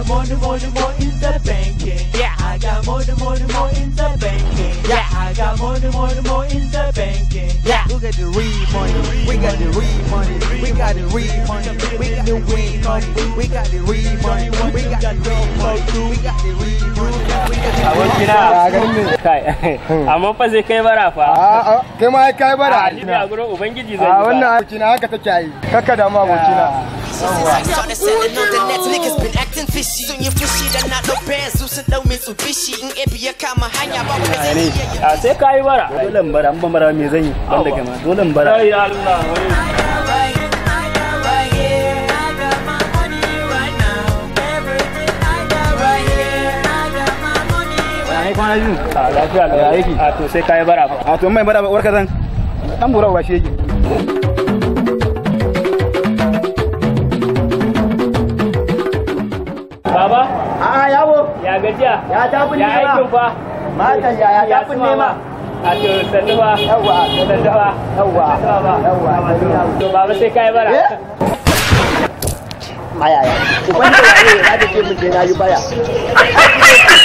got more and more and more in the banking. Yeah, I got more and more and more in the banking. Yeah, I got more and more and more in the banking. Yeah, we got the real money. We got the money. We got the money. We got the money. We got the money. We got the money. We got the money. Ah, kai hmm. amma fa kai bara a ah, ah, kai ma kai bara a gurin ubangiji yi wannan abokina haka take yi kakka da Since we started selling on the net, niggas been acting fishy. yi fushi da na ɗau bayan su sun ɗau Mitsubishi in ebi ya kama hanya ba wani zai iya A ah, yi bara. Dole bara, an yi ban da gama. Dole Allah wani. kwana biyu a ah, lafiya da aiki ah, a bara a to mai bara warka zan dan burawa ya gajiya ya ta ma ya aikin fa ya ya ta ma a to sannu ba yawwa sannu ba to baba sai kai bara ya ya ya je na yi baya